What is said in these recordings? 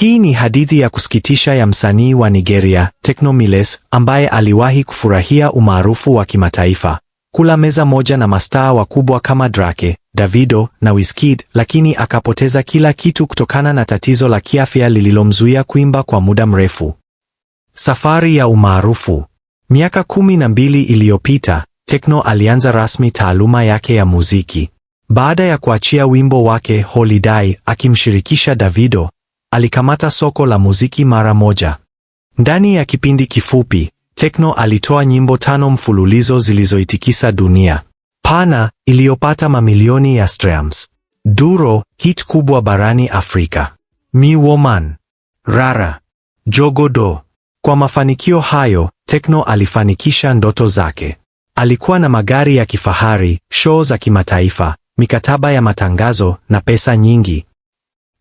Hii ni hadithi ya kusikitisha ya msanii wa Nigeria, Tekno Miles, ambaye aliwahi kufurahia umaarufu wa kimataifa, kula meza moja na mastaa wakubwa kama Drake, Davido na Wizkid, lakini akapoteza kila kitu kutokana na tatizo la kiafya lililomzuia kuimba kwa muda mrefu. Safari ya umaarufu. Miaka kumi na mbili iliyopita, Tekno alianza rasmi taaluma yake ya muziki. Baada ya kuachia wimbo wake Holiday akimshirikisha Davido, alikamata soko la muziki mara moja. Ndani ya kipindi kifupi, Tekno alitoa nyimbo tano mfululizo zilizoitikisa dunia. Pana iliyopata mamilioni ya streams. Duro hit kubwa barani Afrika. Mi Woman, Rara, Jogodo. Kwa mafanikio hayo, Tekno alifanikisha ndoto zake. Alikuwa na magari ya kifahari, show za kimataifa, mikataba ya matangazo na pesa nyingi.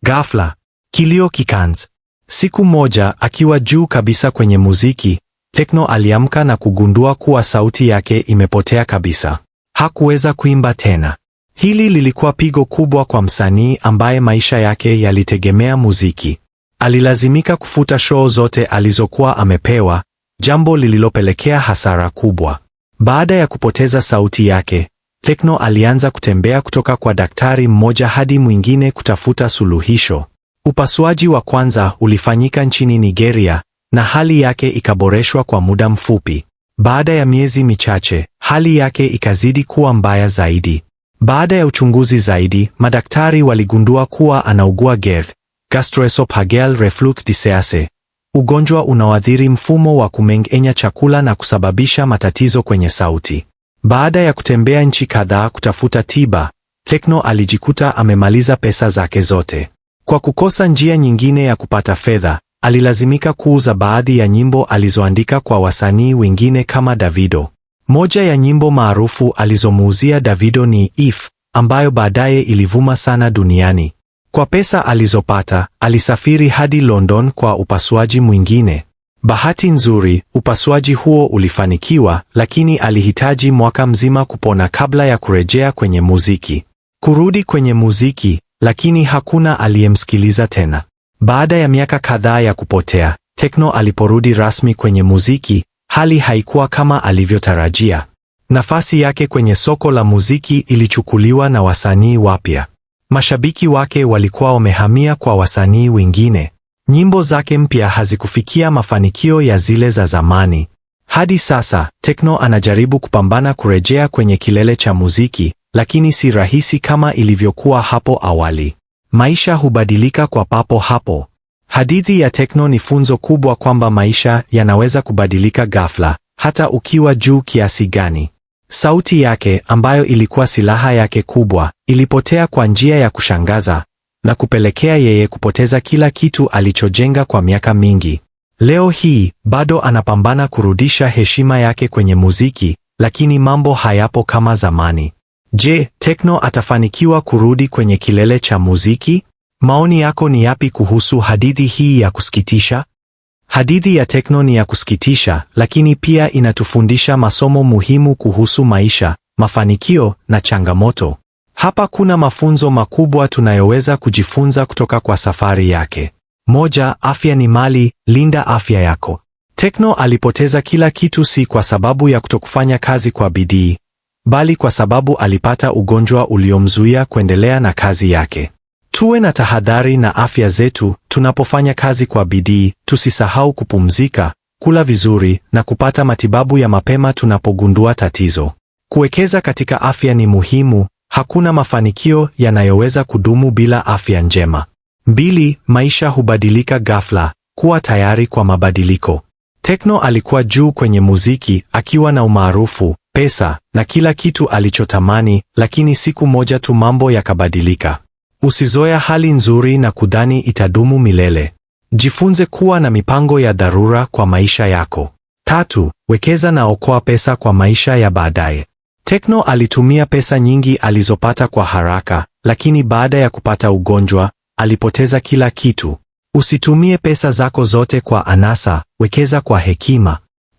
Ghafla, Kilio kikanz. Siku moja akiwa juu kabisa kwenye muziki, Tekno aliamka na kugundua kuwa sauti yake imepotea kabisa. Hakuweza kuimba tena. Hili lilikuwa pigo kubwa kwa msanii ambaye maisha yake yalitegemea muziki. Alilazimika kufuta show zote alizokuwa amepewa, jambo lililopelekea hasara kubwa. Baada ya kupoteza sauti yake, Tekno alianza kutembea kutoka kwa daktari mmoja hadi mwingine kutafuta suluhisho. Upasuaji wa kwanza ulifanyika nchini Nigeria na hali yake ikaboreshwa kwa muda mfupi. Baada ya miezi michache, hali yake ikazidi kuwa mbaya zaidi. Baada ya uchunguzi zaidi, madaktari waligundua kuwa anaugua GERD, gastroesophageal reflux disease, ugonjwa unaoathiri mfumo wa kumeng'enya chakula na kusababisha matatizo kwenye sauti. Baada ya kutembea nchi kadhaa kutafuta tiba, Tekno alijikuta amemaliza pesa zake zote. Kwa kukosa njia nyingine ya kupata fedha, alilazimika kuuza baadhi ya nyimbo alizoandika kwa wasanii wengine kama Davido. Moja ya nyimbo maarufu alizomuuzia Davido ni If, ambayo baadaye ilivuma sana duniani. Kwa pesa alizopata, alisafiri hadi London kwa upasuaji mwingine. Bahati nzuri, upasuaji huo ulifanikiwa, lakini alihitaji mwaka mzima kupona kabla ya kurejea kwenye muziki. Kurudi kwenye muziki, lakini hakuna aliyemsikiliza tena. Baada ya miaka kadhaa ya kupotea, Tekno aliporudi rasmi kwenye muziki, hali haikuwa kama alivyotarajia. Nafasi yake kwenye soko la muziki ilichukuliwa na wasanii wapya. Mashabiki wake walikuwa wamehamia kwa wasanii wengine. Nyimbo zake mpya hazikufikia mafanikio ya zile za zamani. Hadi sasa, Tekno anajaribu kupambana kurejea kwenye kilele cha muziki, lakini si rahisi kama ilivyokuwa hapo awali. Maisha hubadilika kwa papo hapo. Hadithi ya Tekno ni funzo kubwa kwamba maisha yanaweza kubadilika ghafla, hata ukiwa juu kiasi gani. Sauti yake ambayo ilikuwa silaha yake kubwa ilipotea kwa njia ya kushangaza na kupelekea yeye kupoteza kila kitu alichojenga kwa miaka mingi. Leo hii bado anapambana kurudisha heshima yake kwenye muziki, lakini mambo hayapo kama zamani. Je, Tekno atafanikiwa kurudi kwenye kilele cha muziki? Maoni yako ni yapi kuhusu hadithi hii ya kusikitisha? Hadithi ya Tekno ni ya kusikitisha, lakini pia inatufundisha masomo muhimu kuhusu maisha, mafanikio na changamoto. Hapa kuna mafunzo makubwa tunayoweza kujifunza kutoka kwa safari yake. Moja, afya ni mali, linda afya yako. Tekno alipoteza kila kitu si kwa sababu ya kutokufanya kazi kwa bidii, bali kwa sababu alipata ugonjwa uliomzuia kuendelea na kazi yake. Tuwe na tahadhari na afya zetu tunapofanya kazi kwa bidii, tusisahau kupumzika, kula vizuri na kupata matibabu ya mapema tunapogundua tatizo. Kuwekeza katika afya ni muhimu, hakuna mafanikio yanayoweza kudumu bila afya njema. Mbili, maisha hubadilika ghafla, kuwa tayari kwa mabadiliko. Tekno alikuwa juu kwenye muziki akiwa na umaarufu, pesa na kila kitu alichotamani, lakini siku moja tu mambo yakabadilika. Usizoea hali nzuri na kudhani itadumu milele. Jifunze kuwa na mipango ya dharura kwa maisha yako. Tatu, wekeza na okoa pesa kwa maisha ya baadaye. Tekno alitumia pesa nyingi alizopata kwa haraka, lakini baada ya kupata ugonjwa, alipoteza kila kitu. Usitumie pesa zako zote kwa anasa, wekeza kwa hekima.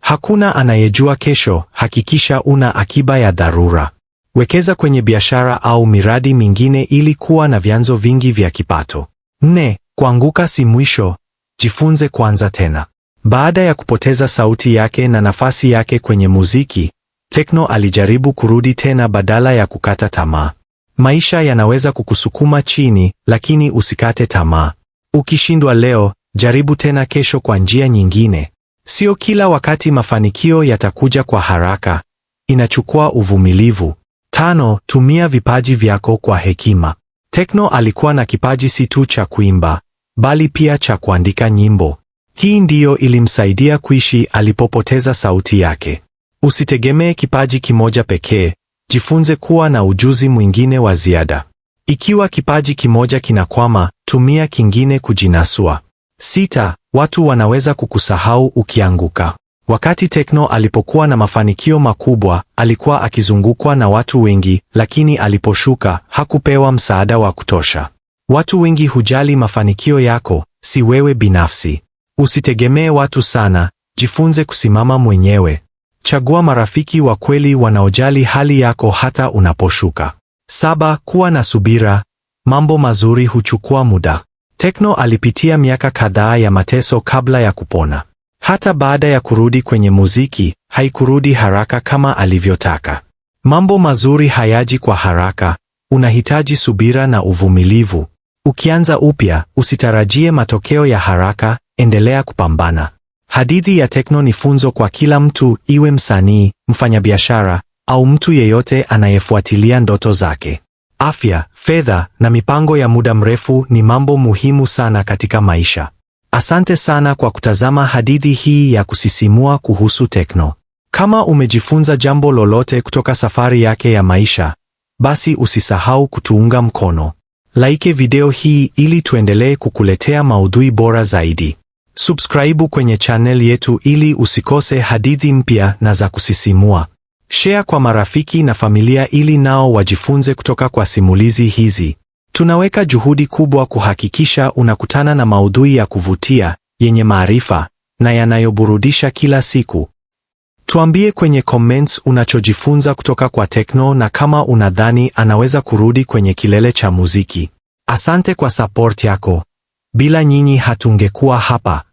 Hakuna anayejua kesho, hakikisha una akiba ya dharura. Wekeza kwenye biashara au miradi mingine ili kuwa na vyanzo vingi vya kipato. Nne, kuanguka si mwisho, jifunze kwanza tena. Baada ya kupoteza sauti yake na nafasi yake kwenye muziki, Tekno alijaribu kurudi tena badala ya kukata tamaa. Maisha yanaweza kukusukuma chini, lakini usikate tamaa. Ukishindwa leo, jaribu tena kesho kwa njia nyingine. Sio kila wakati mafanikio yatakuja kwa haraka. Inachukua uvumilivu. Tano, tumia vipaji vyako kwa hekima. Tekno alikuwa na kipaji si tu cha kuimba, bali pia cha kuandika nyimbo. Hii ndiyo ilimsaidia kuishi alipopoteza sauti yake. Usitegemee kipaji kimoja pekee, jifunze kuwa na ujuzi mwingine wa ziada. Ikiwa kipaji kimoja kinakwama, tumia kingine kujinasua. Sita, watu wanaweza kukusahau ukianguka. Wakati Tekno alipokuwa na mafanikio makubwa, alikuwa akizungukwa na watu wengi, lakini aliposhuka hakupewa msaada wa kutosha. Watu wengi hujali mafanikio yako, si wewe binafsi. Usitegemee watu sana, jifunze kusimama mwenyewe. Chagua marafiki wa kweli wanaojali hali yako hata unaposhuka. Saba, kuwa na subira. Mambo mazuri huchukua muda. Tekno alipitia miaka kadhaa ya mateso kabla ya kupona. Hata baada ya kurudi kwenye muziki, haikurudi haraka kama alivyotaka. Mambo mazuri hayaji kwa haraka, unahitaji subira na uvumilivu. Ukianza upya, usitarajie matokeo ya haraka, endelea kupambana. Hadithi ya Tekno ni funzo kwa kila mtu, iwe msanii, mfanyabiashara au mtu yeyote anayefuatilia ndoto zake. Afya, fedha na mipango ya muda mrefu ni mambo muhimu sana katika maisha. Asante sana kwa kutazama hadithi hii ya kusisimua kuhusu Tekno. Kama umejifunza jambo lolote kutoka safari yake ya maisha, basi usisahau kutuunga mkono. Like video hii ili tuendelee kukuletea maudhui bora zaidi. Subscribe kwenye channel yetu ili usikose hadithi mpya na za kusisimua. Share kwa marafiki na familia ili nao wajifunze kutoka kwa simulizi hizi. Tunaweka juhudi kubwa kuhakikisha unakutana na maudhui ya kuvutia, yenye maarifa na yanayoburudisha kila siku. Tuambie kwenye comments unachojifunza kutoka kwa Tekno na kama unadhani anaweza kurudi kwenye kilele cha muziki. Asante kwa support yako. Bila nyinyi hatungekuwa hapa.